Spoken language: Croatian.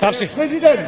Darf